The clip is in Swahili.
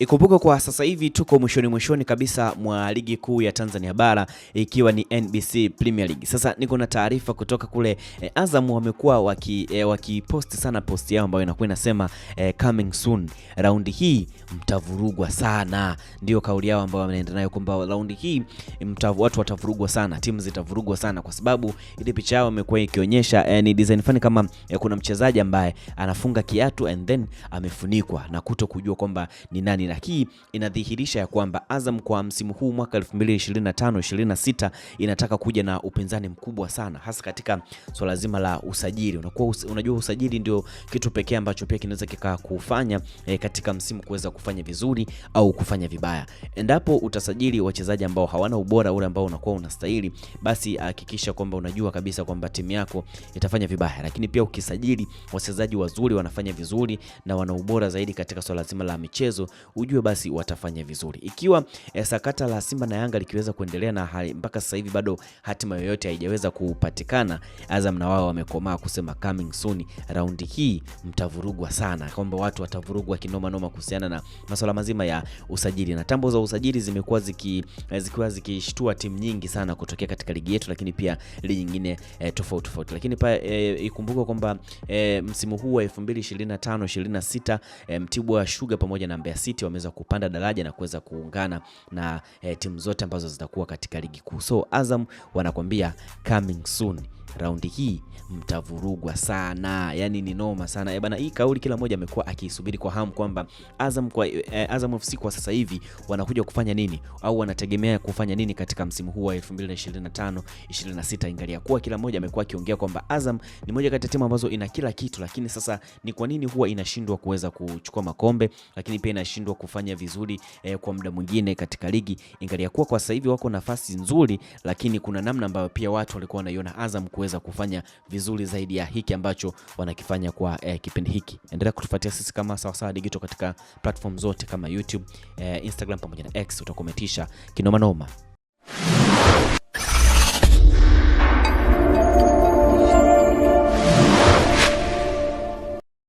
Ikumbuke kwa sasa hivi tuko mwishoni mwishoni kabisa mwa ligi kuu ya Tanzania bara ikiwa ni NBC Premier League. Sasa niko na taarifa kutoka kule eh, Azam wamekuwa waki eh, wakiposti sana posti yao ambayo inakuwa inasema eh, coming soon. Raundi hii mtavurugwa sana. Ndio kauli yao ambayo wanaenda nayo kwamba raundi hii mtavu, watu watavurugwa sana, timu zitavurugwa sana kwa sababu ile picha yao imekuwa ikionyesha eh, ni design fani kama eh, kuna mchezaji ambaye anafunga kiatu and then amefunikwa na kuto kujua kwamba ni nani na hii inadhihirisha ya kwamba Azam kwa msimu huu mwaka 2025-26 inataka kuja na upinzani mkubwa sana, hasa katika swala zima la usajili. Unakuwa us, unajua usajili ndio kitu pekee ambacho pia kinaweza kikakufanya e, katika msimu kuweza kufanya vizuri au kufanya vibaya. Endapo utasajili wachezaji ambao hawana ubora ule ambao unakuwa unastahili, basi hakikisha kwamba unajua kabisa kwamba timu yako itafanya vibaya, lakini pia ukisajili wachezaji wazuri wanafanya vizuri na wana ubora zaidi katika swala zima la michezo ujue basi watafanya vizuri. Ikiwa eh, sakata la Simba na Yanga likiweza kuendelea na hali mpaka sasa hivi bado hatima yoyote haijaweza kupatikana, Azam na wao wamekomaa kusema coming soon. Raundi hii mtavurugwa sana, kwamba watu watavurugwa kinoma noma kuhusiana na masuala mazima ya usajili, na tambo za usajili zimekuwa ziki eh, zikiwa zikishtua timu nyingi sana kutokea katika ligi yetu, lakini pia ligi nyingine eh, tofauti tofauti, lakini pa eh, ikumbuke kwamba eh, msimu huu wa 2025 26 eh, Mtibwa Sugar pamoja na Mbeya City wameweza kupanda daraja na kuweza kuungana na eh, timu zote ambazo zitakuwa katika ligi kuu. So Azam wanakwambia coming soon raundi hii mtavurugwa sana, yani ni noma sana e bana. Hii kauli kila mmoja amekuwa akiisubiri kwa hamu kwamba Azam kwa, eh, Azam FC kwa sasa hivi wanakuja kufanya nini au wanategemea kufanya nini katika msimu huu wa 2025 26, ingalia kuwa kila mmoja amekuwa akiongea kwamba Azam ni moja kati ya timu ambazo ina kila kitu, lakini sasa ni kwa nini huwa inashindwa kuweza kuchukua makombe, lakini pia inashindwa kufanya vizuri eh, kwa muda mwingine katika ligi, ingalia kuwa kwa sasa hivi wako nafasi nzuri, lakini kuna namna ambayo pia watu walikuwa wanaiona Azam ku kuweza kufanya vizuri zaidi ya hiki ambacho wanakifanya kwa eh, kipindi hiki. Endelea kutufuatia sisi kama Sawasawa Digital katika platform zote kama YouTube, eh, Instagram pamoja na X. Utakometisha kinomanoma.